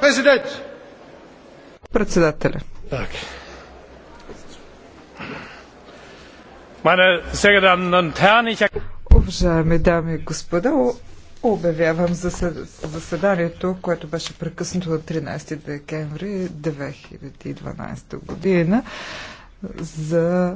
Президент! Председателя. Так. Уважаеми дами и господа, обявявам заседанието, което беше прекъснато на 13 декември 2012 година за